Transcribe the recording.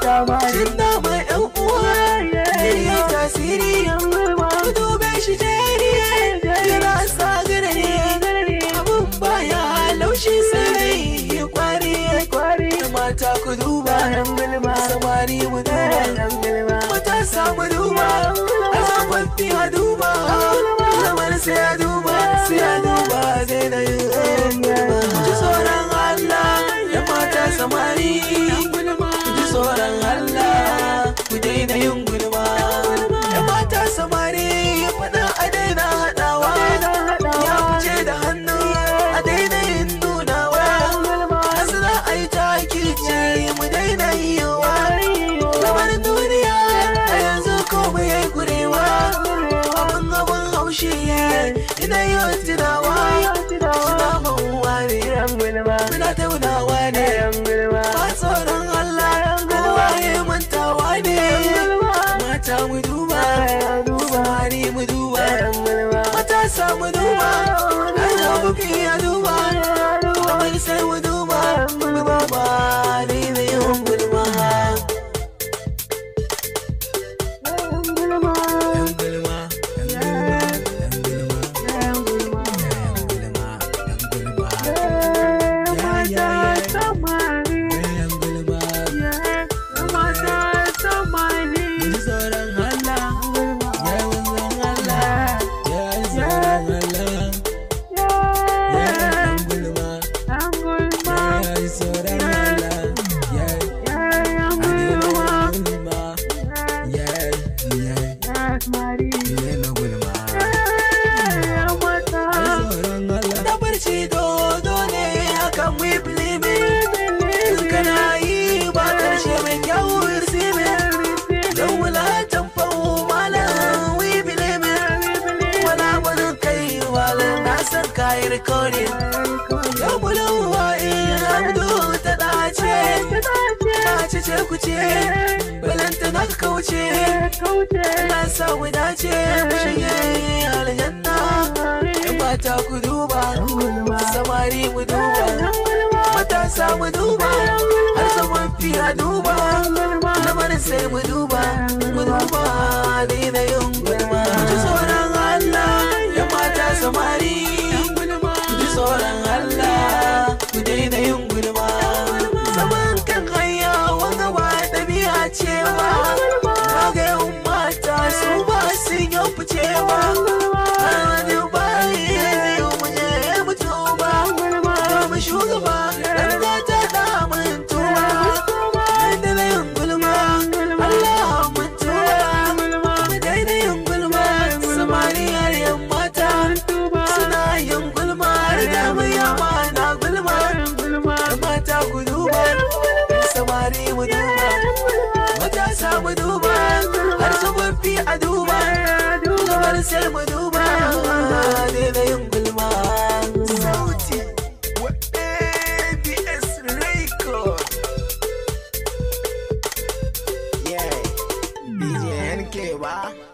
dama Jin dama yan uwa Ni ya tasiri Ku dube shi jeri Yana sa garari Abun baya laushi sai ya kwari Mata ku duba Samari mu duba Matasa mu duba Azababbi a duba Kamar sai a duba Sai a duba zai da yin Ji tsoron Allah Ya mata samari bushe ina yawan tunawa suna mawa ne suna taunawa ne ba tsoron Allah kowa ya mantawa ne mata mu duba samari mu duba matasa mu duba yi rikodin yau bulawa in abdu ta dace ta ce ce ku ce balanta na kauce na sa ku dace shige aljanna ba ta ku duba samari mu duba matasa mu duba har zaman fiya duba lamarin sai mu duba mu duba ne na yin gulma lalacewa na ga yau mata su ba su yau ficewa wani bayi mu je mu tuba mu shugaba ta damun gulma Allah mun tuba gulma yan mata suna yin gulma da na gulma mata samari mu duba matasa mu duba har sababbi a duba kamar sai mu duba daina yin gulma sauti wa abs record yeah dj nk ba